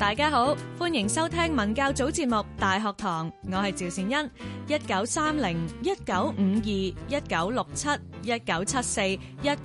大家好，歡迎收聽文教組節目《大學堂》，我係趙善恩。一九三零、一九五二、一九六七、一九七四、一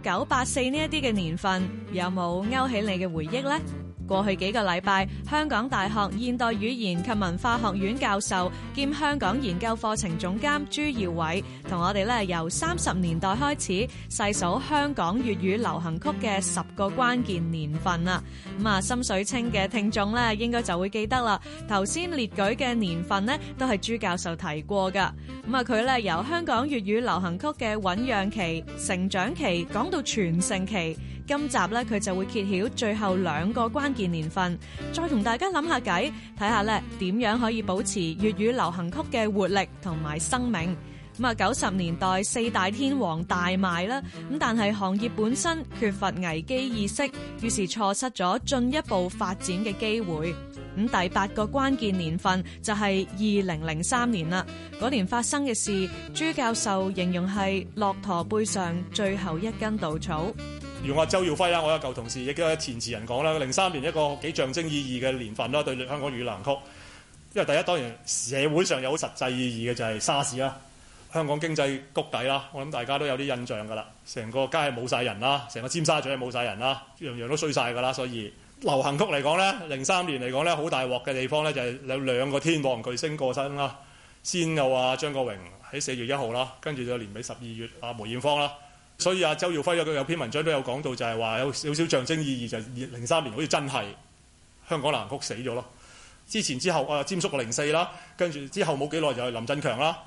九八四呢一啲嘅年份，有冇勾起你嘅回憶呢？過去幾個禮拜，香港大學現代語言及文化學院教授兼香港研究課程總監朱耀偉，同我哋咧，由三十年代開始細數香港粵語流行曲嘅十個關鍵年份啊！咁啊，心水清嘅聽眾咧，應該就會記得啦。頭先列舉嘅年份咧，都係朱教授提過噶。咁啊，佢咧由香港粵語流行曲嘅醞釀期、成長期，講到全盛期。今集咧，佢就會揭曉最後兩個關鍵年份，再同大家諗下偈，睇下咧點樣可以保持粵語流行曲嘅活力同埋生命。咁啊，九十年代四大天王大賣啦，咁但係行業本身缺乏危機意識，於是錯失咗進一步發展嘅機會。咁第八個關鍵年份就係二零零三年啦。嗰年發生嘅事，朱教授形容係駱駝背上最後一根稻草。用阿周耀輝啦，我有舊同事亦都有填詞人講啦。零三年一個幾象徵意義嘅年份啦，對香港粵語流行曲。因為第一當然社會上有好實際意義嘅就係沙士啦，香港經濟谷底啦。我諗大家都有啲印象㗎啦，成個街係冇晒人啦，成個尖沙咀係冇晒人啦，樣樣都衰晒㗎啦。所以流行曲嚟講呢，零三年嚟講呢，好大鑊嘅地方呢，就係有兩個天王巨星過身啦。先有阿張國榮喺四月一號啦，跟住就年尾十二月阿梅艷芳啦。所以阿、啊、周耀輝有有篇文章都有講到就是，就係話有少少象徵意義，就二零三年好似真係香港南曲死咗咯。之前之後啊，占縮零四啦，跟住之後冇幾耐就係林振強啦，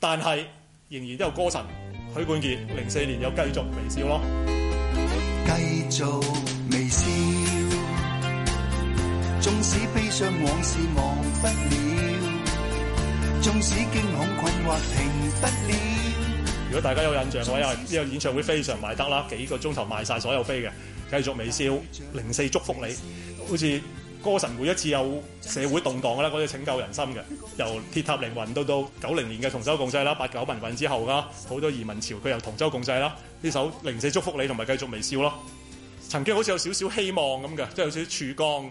但係仍然都有歌神許冠傑零四年又繼續微笑咯。繼續微笑，縱使悲傷往事忘不了，縱使驚恐困惑停不了。如果大家有印象嘅話，因為呢個演唱會非常賣得啦，幾個鐘頭賣曬所有飛嘅，繼續微笑，零四祝福你，好似歌神每一次有社會動盪嘅啦，嗰啲拯救人心嘅，由鐵塔凌雲到到九零年嘅同舟共濟啦，八九民運之後啦，好多移民潮，佢又同舟共濟啦，呢首零四祝福你同埋繼續微笑咯，曾經好似有少少希望咁嘅，即係有少少曙光。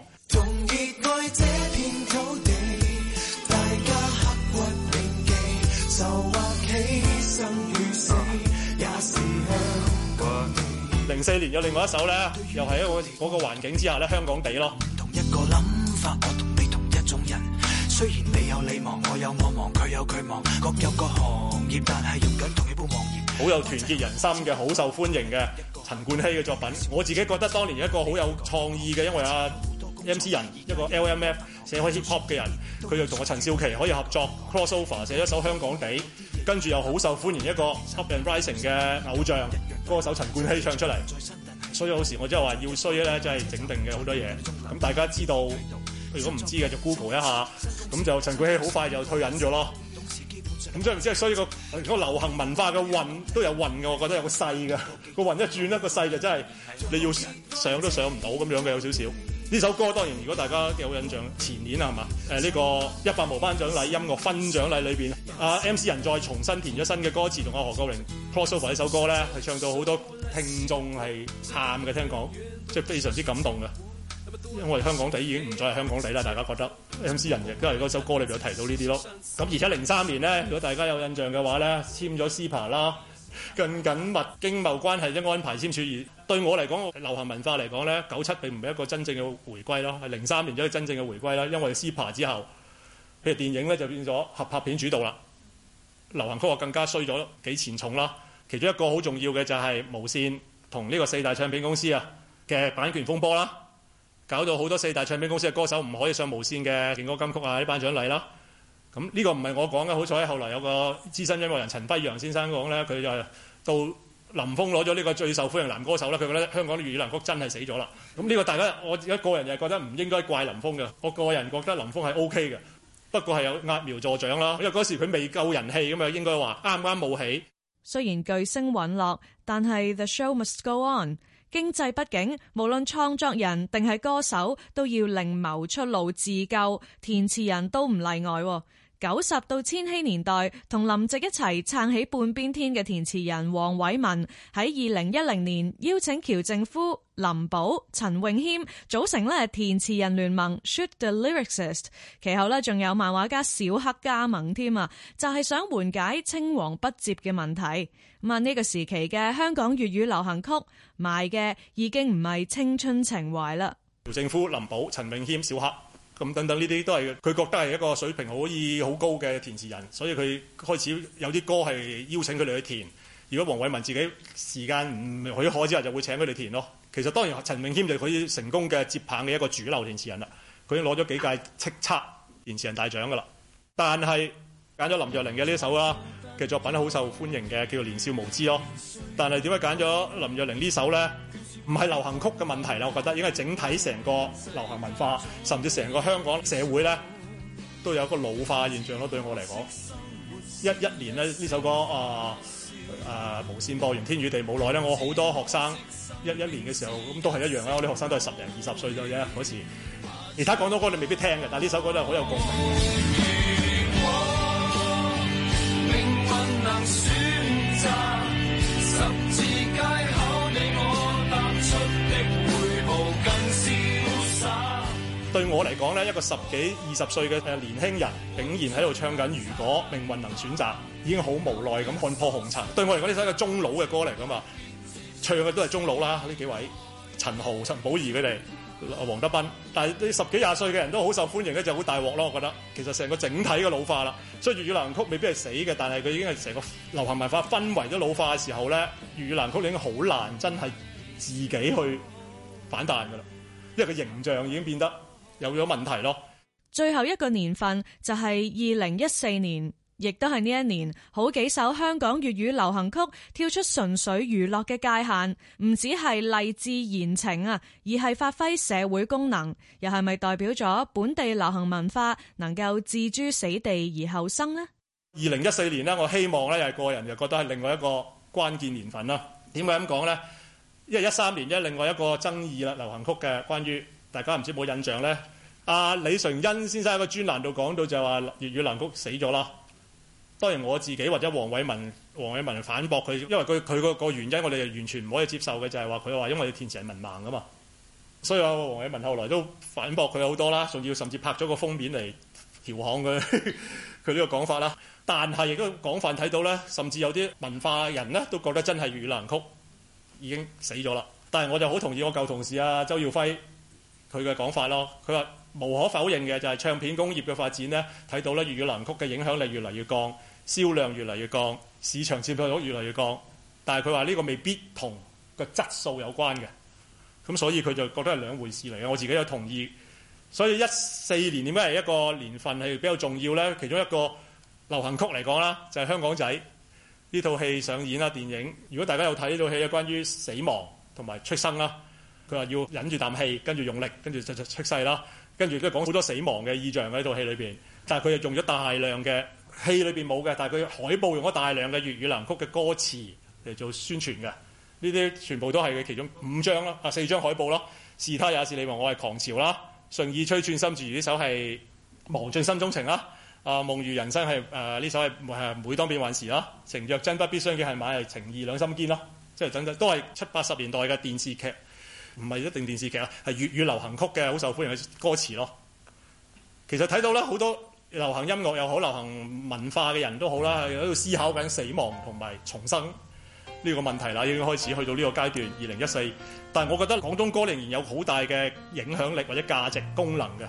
零四年有另外一首呢，又係一個嗰個環境之下呢，香港地咯。好有團結人心嘅，好受歡迎嘅，陳冠希嘅作品。我自己覺得當年一個好有創意嘅，因為啊 M C 人一個 L M F 寫開 hip hop 嘅人，佢就同阿陳少琪可以合作 crossover，寫一首香港地。跟住又好受歡迎一個 up and rising 嘅偶像歌，那個，手陳冠希唱出嚟，所以有時我真係話要衰咧，真係整定嘅好多嘢。咁大家知道，如果唔知嘅就 Google 一下。咁就陳冠希好快就退隱咗咯。咁即係唔知係衰個，個流行文化嘅運都有運嘅，我覺得有個勢嘅個運一轉，一個勢就真係你要上都上唔到咁樣嘅有少少。呢首歌當然，如果大家有印象，前年，係嘛？誒呢個一百毛頒獎禮音樂分獎禮裏面啊 M C 仁再重新填咗新嘅歌詞，同阿何秀玲 cross over 呢首歌咧，係唱到好多聽眾係喊嘅。聽講即係非常之感動嘅，因為香港地已經唔再係香港地啦。大家覺得 M C 仁亦都係嗰首歌裏邊有提到呢啲咯。咁而且零三年咧，如果大家有印象嘅話咧，簽咗 CEPA 啦。更緊密經貿關係的安排簽署，而對我嚟講，流行文化嚟講呢，九七並唔係一個真正嘅回歸咯，係零三年先係真正嘅回歸啦。因為 CEPA 之後，譬如電影呢就變咗合拍片主導啦，流行曲啊更加衰咗幾錢重啦。其中一個好重要嘅就係、是、無線同呢個四大唱片公司啊嘅版權風波啦，搞到好多四大唱片公司嘅歌手唔可以上無線嘅勁歌金曲啊啲頒獎禮啦。咁、這、呢個唔係我講嘅，好彩後來有個資深音樂人陳輝陽先生講咧，佢就到林峯攞咗呢個最受歡迎男歌手呢，佢覺得香港的粵語男歌真係死咗啦。咁、這、呢個大家我自己個人又覺得唔應該怪林峯嘅，我個人覺得林峯係 OK 嘅，不過係有壓苗助長啦，因為嗰時佢未夠人氣咁嘛，應該話啱啱冇起？雖然巨星隕落，但係 the show must go on。經濟不景，無論創作人定係歌手，都要另謀出路自救。填詞人都唔例外。九十到千禧年代同林夕一齊撐起半邊天嘅填詞人黃偉文喺二零一零年邀請喬政夫、林寶、陳詠謙組成咧填詞人聯盟 （shoot the lyricist），其後呢，仲有漫畫家小黑加盟添啊，就係、是、想緩解青黃不接嘅問題。咁啊呢個時期嘅香港粵語流行曲賣嘅已經唔係青春情懷啦。喬政夫、林寶、陳詠謙、小黑。咁等等呢啲都係佢覺得係一個水平可以好高嘅填詞人，所以佢開始有啲歌係邀請佢哋去填。如果黃偉文自己時間唔許可之後就會請佢哋填咯。其實當然陳明謙就可以成功嘅接棒嘅一個主流填詞人啦。佢已經攞咗幾屆叱吒填詞人大獎㗎啦。但係揀咗林若寧嘅呢一首啦。嘅作品好受歡迎嘅，叫做年少無知咯。但係點解揀咗林若寧呢首咧？唔係流行曲嘅問題啦，我覺得，因為整體成個流行文化，甚至成個香港社會咧，都有一個老化嘅現象咯。對我嚟講，一一年咧呢這首歌啊啊、呃呃、無線播完天與地冇耐咧，我好多學生一一年嘅時候咁都係一樣啦。我啲學生都係十零二十歲啫啫嗰時，其他廣東歌你未必聽嘅，但係呢首歌咧好有共鳴。街口，對我嚟講咧，一個十幾、二十歲嘅年輕人，竟然喺度唱緊《如果命運能選擇》，已經好無奈咁看破紅塵。對我嚟講，呢首係一個中老嘅歌嚟噶嘛，唱嘅都係中老啦。呢幾位陳豪、陳寶儀佢哋。黃德斌，但係啲十幾廿歲嘅人都好受歡迎咧，就好大鑊咯。我覺得其實成個整體嘅老化啦，所以粵語流行曲未必係死嘅，但係佢已經係成個流行文化氛圍都老化嘅時候咧，粵語流行曲已經好難真係自己去反彈噶啦，因為個形象已經變得有咗問題咯。最後一個年份就係二零一四年。亦都係呢一年，好幾首香港粵語流行曲跳出純粹娛樂嘅界限，唔止係勵志言情啊，而係發揮社會功能。又係咪代表咗本地流行文化能夠置諸死地而後生呢？二零一四年呢，我希望咧又係個人又覺得係另外一個關鍵年份啦。點解咁講呢？因為一三年咧，另外一個爭議啦，流行曲嘅關於大家唔知有冇印象呢。阿李純恩先生喺個專欄度講到就係話粵語流行曲死咗啦。當然我自己或者黃偉文，黃偉文反駁佢，因為佢佢個原因我哋就完全唔可以接受嘅，就係話佢話因為填詞係文盲噶嘛，所以我黃偉文後來都反駁佢好多啦，仲要甚至拍咗個封面嚟調侃佢佢呢個講法啦。但係亦都廣泛睇到咧，甚至有啲文化人呢都覺得真係粵南曲已經死咗啦。但係我就好同意我舊同事啊周耀輝佢嘅講法咯，佢話。無可否認嘅就係唱片工業嘅發展呢，睇到咧粵語流行曲嘅影響力越嚟越降，銷量越嚟越降，市場佔有率越嚟越降。但係佢話呢個未必同個質素有關嘅，咁，所以佢就覺得係兩回事嚟嘅。我自己有同意。所以一四年點解係一個年份係比較重要呢？其中一個流行曲嚟講啦，就係、是，香港仔呢套戲上演啦。電影如果大家有睇呢套戲咧，關於死亡同埋出生啦，佢話要忍住啖氣，跟住用力，跟住就出世啦。跟住都講講好多死亡嘅意象喺套戲裏面，但佢又用咗大量嘅戲裏面冇嘅，但係佢海報用咗大量嘅粵語流行曲嘅歌詞嚟做宣傳嘅。呢啲全部都係佢其中五張啦，啊四張海報啦。是他也是你和我係狂潮啦，順意吹轉心，至於呢首係忘盡心中情啦。啊夢如人生係呢、啊、首係唔每當變幻時啦。情若真不必相見係買情義兩心堅啦。即係等等都係七八十年代嘅電視劇。唔係一定電視劇啦，係粵語流行曲嘅好受歡迎嘅歌詞咯。其實睇到咧，好多流行音樂又好，流行文化嘅人都好啦，喺度思考緊死亡同埋重生呢個問題啦。已經開始去到呢個階段，二零一四。但係我覺得廣東歌仍然有好大嘅影響力或者價值功能嘅。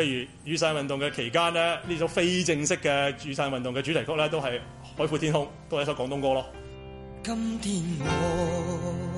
譬如雨傘運動嘅期間呢，呢種非正式嘅雨傘運動嘅主題曲咧，都係《海闊天空》，都係一首廣東歌咯。今天我。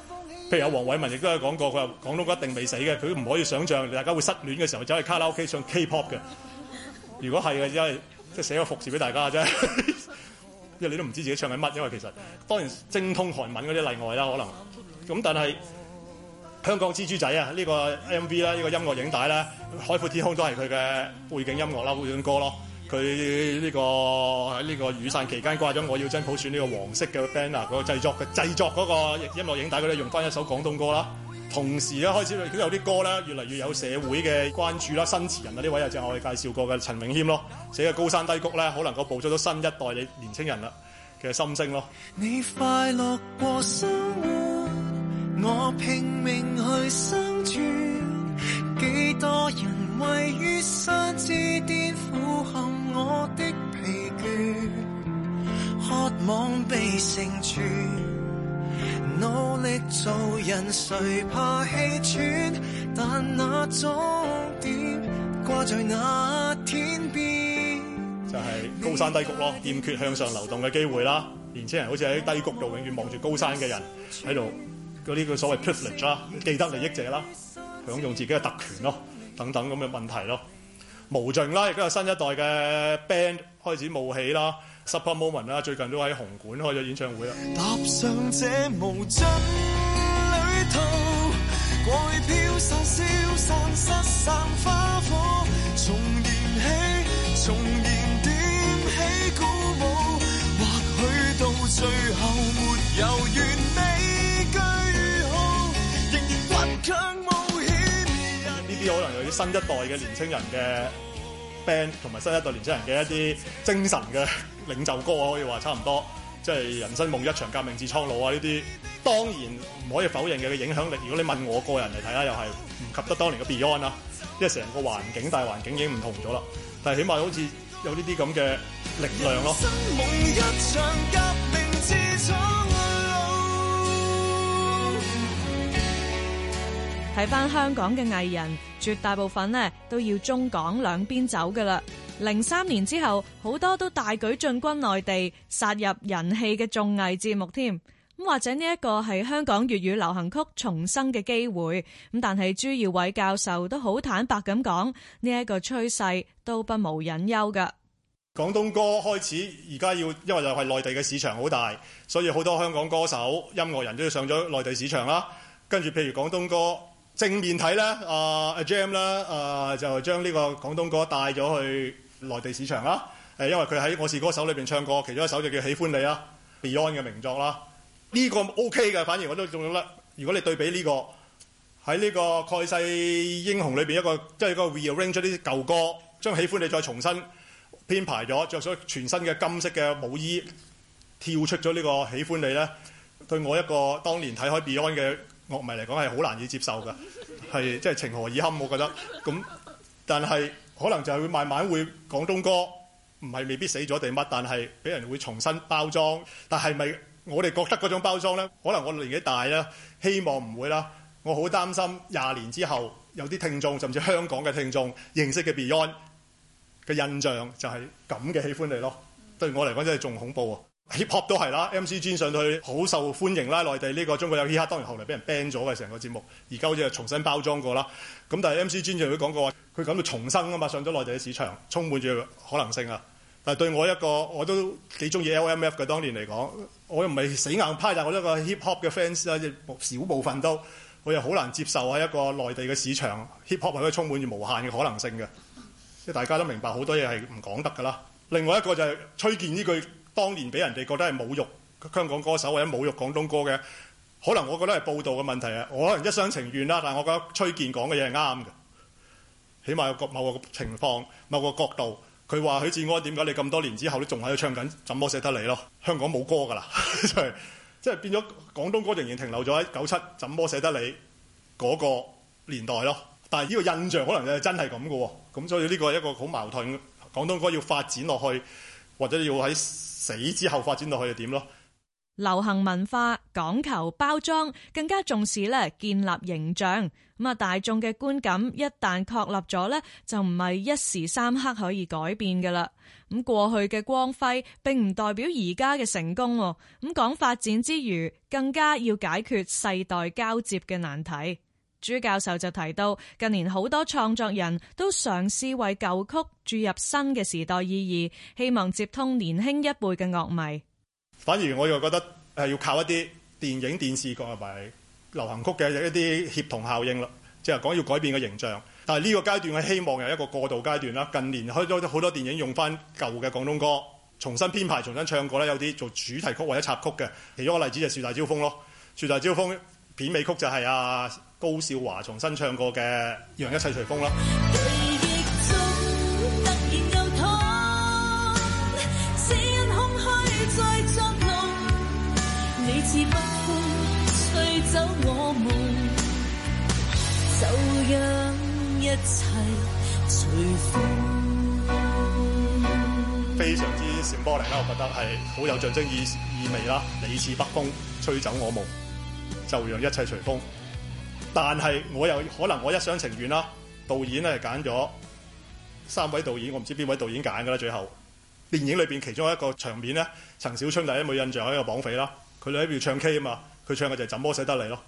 譬如有黃偉文亦都有講過，佢話廣東歌一定未死嘅，佢都唔可以想象大家會失戀嘅時候走去卡拉 OK 唱 K-pop 嘅。如果係嘅，因為即寫個服詞俾大家啫，因為你都唔知自己唱緊乜，因為其實當然精通韓文嗰啲例外啦，可能。咁但係香港蜘蛛仔啊，呢個 MV 啦，呢個音樂影帶咧，《海闊天空》都係佢嘅背景音樂啦，背景歌咯。佢呢、個喺呢個雨傘期間掛咗，我要真普選呢個黃色嘅 banner，個製作嘅製作嗰個音樂影帶，佢咧用翻一首廣東歌啦。同時咧開始，都有啲歌咧越嚟越有社會嘅關注啦。新詞人啊，呢位又正係我哋介紹過嘅陳永謙咯，寫嘅《高山低谷》咧，可能佢捕捉到新一代嘅年青人啦嘅心聲咯。你快樂過生活，我拼命去生存。幾多人位於山之巔，俯瞰？我的疲倦渴望被成全努力做人誰怕氣喘但那終點掛在那天邊就係、是、高山低谷咯欠缺向上流動嘅機會啦年青人好似喺低谷度永遠望住高山嘅人喺度嗰啲叫所謂 privilege 啦既得利益者啦享用自己嘅特權咯等等咁嘅問題咯無盡啦，亦都有新一代嘅 band 開始冒起啦，Supper Moment 啦， 最近都喺紅館開咗演唱會啦。踏上這無新一代嘅年青人嘅 band 同埋新一代年青人嘅一啲精神嘅領袖歌，可以話差唔多，即係人生夢一場革命至蒼老啊！呢啲當然唔可以否認嘅影響力。如果你問我個人嚟睇啦，又係唔及得當年嘅 Beyond 啦，因為成個環境大環境已經唔同咗啦。但係起碼好似有呢啲咁嘅力量咯。夢一場革命睇翻香港嘅藝人，絕大部分呢都要中港兩邊走噶啦。零三年之後，好多都大舉進軍內地，殺入人氣嘅綜藝節目添。咁或者呢一個係香港粵語流行曲重生嘅機會。咁但係朱耀偉教授都好坦白咁講，呢一個趨勢都不無隱憂噶。廣東歌開始而家要，因為又係內地嘅市場好大，所以好多香港歌手、音樂人都要上咗內地市場啦。跟住譬如廣東歌。正面睇咧，阿阿 Gem 咧，就將呢個廣東歌帶咗去內地市場啦。Uh, 因為佢喺《我是歌手》裏面唱過其中一首就叫《喜歡你》啦、mm-hmm.，Beyond 嘅名作啦。呢、這個 OK 嘅，反而我都仲有得。如果你對比呢個喺呢個《個蓋世英雄》裏面一個，即、就、係、是、個 rearrange 咗啲舊歌，將《喜歡你》再重新編排咗，着咗全新嘅金色嘅舞衣，跳出咗呢個《喜歡你》咧，對我一個當年睇開 Beyond 嘅。樂迷嚟講係好難以接受㗎，係即係情何以堪，我覺得。咁但係可能就係會慢慢會廣東歌，唔係未必死咗地乜，但係俾人會重新包裝。但係咪我哋覺得嗰種包裝呢，可能我年紀大啦，希望唔會啦。我好擔心廿年之後有啲聽眾，甚至香港嘅聽眾認識嘅 Beyond 嘅印象就係咁嘅喜歡你咯。對我嚟講真係仲恐怖啊！hiphop 都係啦，MC Jin 上到去好受歡迎啦。內地呢個中國有嘻哈當然後嚟俾人 ban 咗嘅成個節目，而家好似係重新包裝過啦。咁但係 MC Jin 仲會講過話，佢感到重生啊嘛。上咗內地嘅市場，充滿住可能性啊。但係對我一個我都幾中意 L.M.F. 嘅，當年嚟講，我又唔係死硬派，但係我一個 hiphop 嘅 fans 啦，少部分都我又好難接受喺一個內地嘅市場 hiphop 係可以充滿住無限嘅可能性嘅。即係大家都明白好多嘢係唔講得㗎啦。另外一個就係崔健呢句。當年俾人哋覺得係侮辱香港歌手或者侮辱廣東歌嘅，可能我覺得係報道嘅問題啊！我可能一廂情願啦，但係我覺得崔健講嘅嘢係啱嘅。起碼有個某個情況、某個角度，佢話許志安點解你咁多年之後都仲喺度唱緊《怎麼捨得你》咯？香港冇歌㗎啦， 即係即係變咗廣東歌仍然停留咗喺九七《怎麼捨得你》嗰個年代咯。但係呢個印象可能係真係咁嘅喎，咁所以呢個係一個好矛盾。廣東歌要發展落去，或者要喺～死之後發展落去又點咯？流行文化講求包裝，更加重視咧建立形象。咁啊，大眾嘅觀感一旦確立咗咧，就唔係一時三刻可以改變㗎啦。咁過去嘅光輝並唔代表而家嘅成功。咁講發展之餘，更加要解決世代交接嘅難題。朱教授就提到，近年好多創作人都嘗試為舊曲注入新嘅時代意義，希望接通年輕一輩嘅樂迷。反而我又覺得係要靠一啲電影、電視歌同埋流行曲嘅一啲協同效應啦。即係講要改變個形象，但係呢個階段嘅希望有一個過渡階段啦。近年開咗好多電影用翻舊嘅廣東歌，重新編排、重新唱過咧，有啲做主題曲或者插曲嘅。其中一個例子就《樹大招風》咯，《樹大招風》片尾曲就係啊。高少華重新唱過嘅《讓一切隨風》啦。非常之閃玻璃啦，我覺得係好有象徵意意味啦。你似北風吹走我夢，就讓一切隨風。非常有象徵意但係我又可能我一廂情願啦，導演咧揀咗三位導演，我唔知邊位導演揀㗎啦。最後電影裏面其中一個場面咧，陳小春第一冇印象係一個綁匪啦，佢喺邊唱 K 啊嘛、就是，佢唱嘅就係怎麼捨得你咯，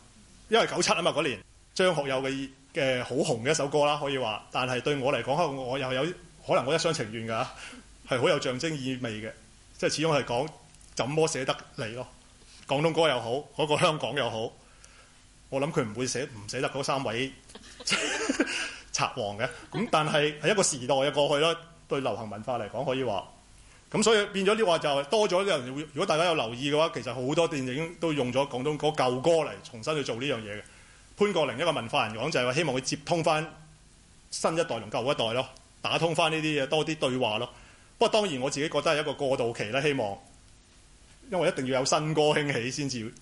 因為九七啊嘛嗰年張學友嘅嘅好紅嘅一首歌啦可以話，但係對我嚟講我又有可能我一廂情願㗎，係好有象徵意味嘅，即係始終係講怎麼捨得你咯，廣東歌又好，嗰個香港又好。我諗佢唔會捨唔捨得嗰三位賊 王嘅咁，但係係一個時代嘅過去啦。對流行文化嚟講，可以話咁，所以變咗啲話就係、是、多咗啲人。如果大家有留意嘅話，其實好多電影都用咗廣東嗰舊歌嚟重新去做呢樣嘢嘅，潘國靈一個文化人講就係話希望佢接通翻新一代同舊一代咯，打通翻呢啲嘢多啲對話咯。不過當然我自己覺得係一個過渡期啦。希望因為一定要有新歌興起先至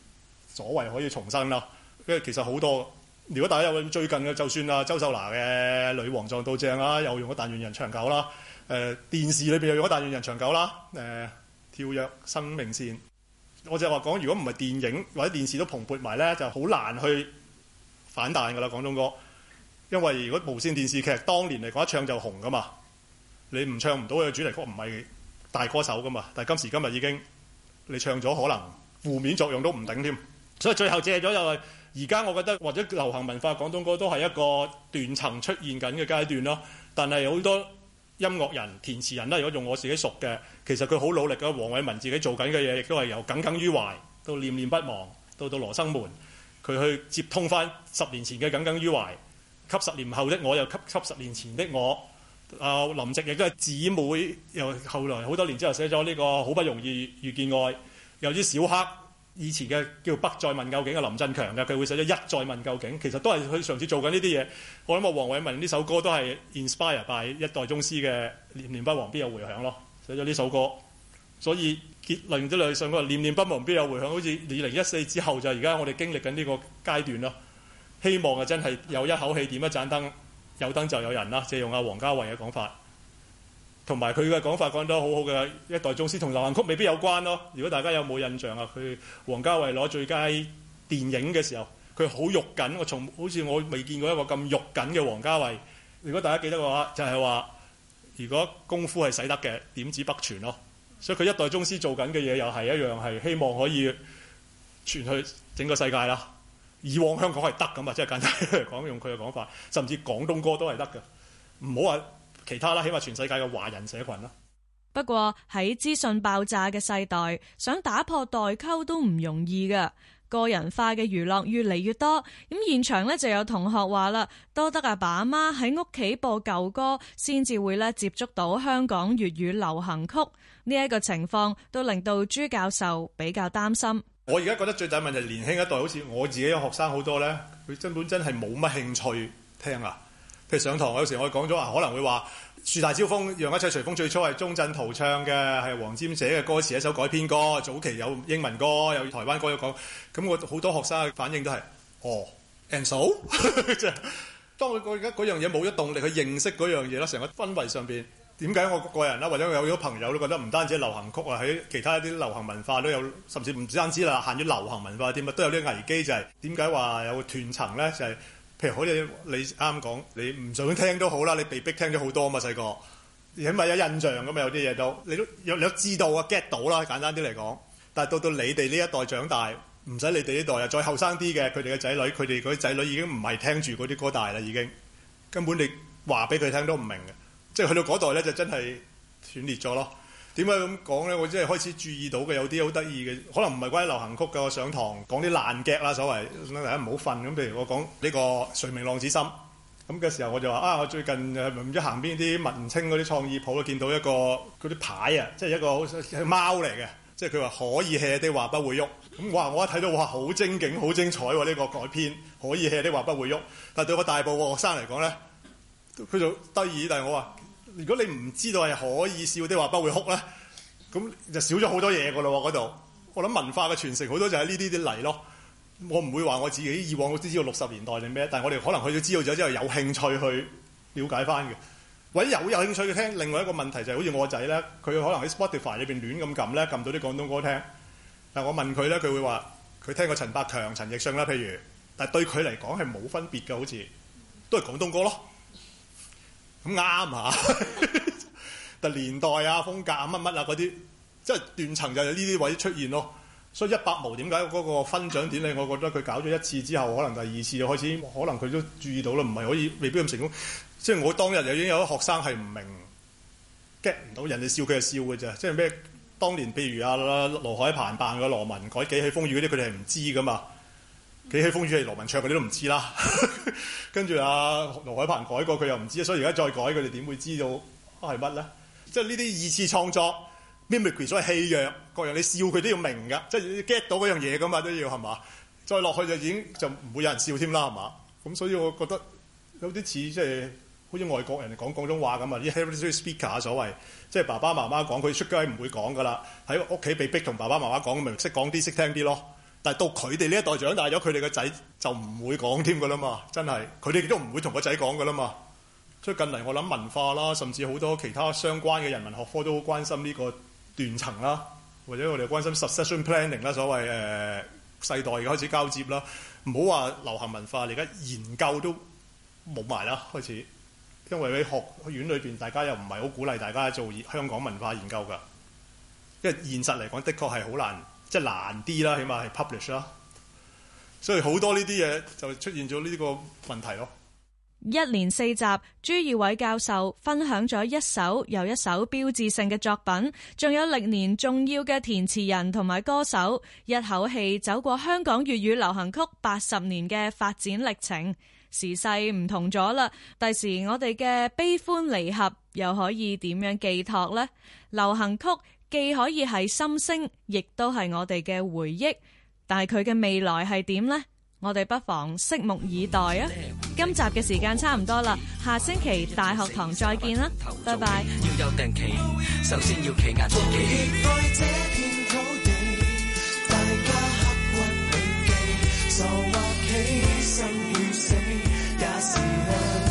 所謂可以重生啦。因為其實好多，如果大家有最近嘅，就算啊，周秀娜嘅《女王撞到正》啊，又用咗《但願人長久》啦。誒，電視裏邊又用咗《但願人長久》啦。誒，跳躍生命線。我就係話講，如果唔係電影或者電視都蓬勃埋咧，就好難去反彈噶啦。廣東歌，因為如果無線電視劇當年嚟講一唱就紅噶嘛，你唔唱唔到嘅主題曲唔係大歌手噶嘛，但係今時今日已經你唱咗，可能負面作用都唔頂添，所以最後借咗又係。而家我覺得或者流行文化廣東歌都係一個斷層出現緊嘅階段咯。但係好多音樂人、填詞人咧，如果用我自己熟嘅，其實佢好努力嘅。黃偉文自己做緊嘅嘢，亦都係由《耿耿於懷》到《念念不忘》，到到《羅生門》，佢去接通翻十年前嘅《耿耿於懷》，吸十年後的我，又吸十年前的我。啊，林夕亦都係姊妹，又後來好多年之後寫咗呢個好不容易遇見愛，有啲小黑。以前嘅叫不再問究竟嘅林振強嘅，佢會寫咗一再問究竟，其實都係佢上次做緊呢啲嘢。我諗啊，黃偉文呢首歌都係 inspire by 一代宗師嘅念念不忘，必有回響咯，寫咗呢首歌。所以結利用咗上句念念不忘，必有回響，好似二零一四之後就而家我哋經歷緊呢個階段啦。希望啊，真係有一口氣點一盞燈，有燈就有人啦。借用阿王家衛嘅講法。同埋佢嘅講法講得好好嘅一代宗師同流行曲未必有關咯。如果大家有冇印象啊？佢黃家衛攞最佳電影嘅時候，佢好肉緊。從我從好似我未見過一個咁肉緊嘅黃家衛，如果大家記得嘅話，就係話如果功夫係使得嘅，點止不傳咯。所以佢一代宗師做緊嘅嘢，又係一樣係希望可以傳去整個世界啦。以往香港係得㗎嘛，即係簡單講，用佢嘅講法，甚至廣東歌都係得嘅。唔好話。其他啦，起碼全世界嘅華人社群啦。不過喺資訊爆炸嘅世代，想打破代溝都唔容易㗎。個人化嘅娛樂越嚟越多，咁現場咧就有同學話啦，多得阿爸阿媽喺屋企播舊歌，先至會咧接觸到香港粵語流行曲呢一個情況，都令到朱教授比較擔心。我而家覺得最大問題，年輕一代好似我自己嘅學生好多咧，佢根本真係冇乜興趣聽啊。佢上堂有時我講咗話，可能會話樹大招風，讓一切隨風。最初係鍾鎮濤唱嘅，係黃霑寫嘅歌詞一首改編歌，早期有英文歌，有台灣歌，有講。咁我好多學生嘅反應都係：哦，And so。即係當佢嗰而家嗰樣嘢冇咗動力去認識嗰樣嘢啦，成個氛圍上邊點解我個人啦，或者有咗朋友都覺得唔單止流行曲啊，喺其他一啲流行文化都有，甚至唔止單止啦，限於流行文化啲乜都有啲危機，就係點解話有斷層呢？就係。譬如好似你啱講，你唔想聽都好啦，你被逼聽咗好多啊嘛，細個，起碼有印象噶嘛，有啲嘢都，你都有，你都知道啊，get 到啦，簡單啲嚟講。但係到到你哋呢一代長大，唔使你哋呢代又再後生啲嘅，佢哋嘅仔女，佢哋嗰啲仔女已經唔係聽住嗰啲歌大啦，已經根本你話俾佢聽都唔明嘅，即係去到嗰代咧就真係斷裂咗咯。點解咁講呢？我真係開始注意到嘅有啲好得意嘅，可能唔係關於流行曲㗎。我上堂講啲爛劇啦，所謂，大家唔好瞓。咁譬如我講呢個《誰明浪子心》咁嘅時候，我就話啊，我最近唔知行邊啲文青嗰啲創意鋪，都見到一個嗰啲牌啊，即係一個好貓嚟嘅，即係佢話可以唓的話不會喐。咁哇，我一睇到哇，好精警，好精彩喎、啊！呢個改編可以唓的話不會喐，但對我大部分學生嚟講呢，佢就得意。但係我話。如果你唔知道係可以笑的，啲話不會哭咧，咁就少咗好多嘢㗎咯喎，嗰度。我諗文化嘅傳承好多就喺呢啲啲嚟咯。我唔會話我自己以往都知道六十年代定咩，但係我哋可能去咗知道咗之後，有興趣去了解翻嘅。或者有，有興趣去聽。另外一個問題就係好似我仔咧，佢可能喺 Spotify 裏邊亂咁撳咧，撳到啲廣東歌聽。但我問佢咧，佢會話佢聽過陳百強、陳奕迅啦，譬如，但係對佢嚟講係冇分別嘅，好似都係廣東歌咯。咁啱啊，但 年代啊風格啊乜乜啊嗰啲，即係、就是、斷層就有呢啲位置出現咯。所以一百毛點解嗰個分獎典禮，我覺得佢搞咗一次之後，可能第二次就開始，可能佢都注意到啦，唔係可以未必咁成功。即、就、係、是、我當日已經有啲學生係唔明 get 唔到人哋笑佢係笑嘅啫。即係咩？當年譬如阿、啊、羅海鵬扮個羅文改幾起風雨嗰啲，佢哋係唔知噶嘛。幾許風雨係羅文唱嗰啲都唔知啦， 跟住阿盧海鵬改過佢又唔知，所以而家再改佢哋點會知道係乜咧？即、啊、係呢啲、就是、二次創作 mimicry 所謂戲樣各樣，你笑佢都要明㗎，即係 get 到嗰樣嘢㗎嘛都要係嘛？再落去就已經就唔會有人笑添啦係嘛？咁所以我覺得有啲似即係好似外國人講廣東話咁啊，呢 t 唔需要 speaker 所謂，即、就、係、是、爸爸媽媽講佢出街唔會講㗎啦，喺屋企被逼同爸爸媽媽講咁咪識講啲識聽啲咯。但係到佢哋呢一代長大咗，佢哋個仔就唔會講添㗎啦嘛，真係佢哋都唔會同個仔講㗎啦嘛。所以近嚟我諗文化啦，甚至好多其他相關嘅人文學科都好關心呢個斷層啦，或者我哋關心 succession planning 啦，所謂、呃、世代嘅開始交接啦。唔好話流行文化，而家研究都冇埋啦，開始因為你學院裏面，大家又唔係好鼓勵大家做香港文化研究㗎，因為現實嚟講，的確係好難。即係難啲啦，起碼係 publish 啦，所以好多呢啲嘢就出現咗呢個問題咯。一連四集，朱耀偉教授分享咗一首又一首標誌性嘅作品，仲有歷年重要嘅填詞人同埋歌手，一口氣走過香港粵語流行曲八十年嘅發展歷程。時勢唔同咗啦，第時我哋嘅悲歡離合又可以點樣寄託呢？流行曲。既可以係心聲，亦都係我哋嘅回憶，但係佢嘅未來係點呢？我哋不妨拭目以待啊！今集嘅時間差唔多啦，下星期大學堂再見啦，拜拜。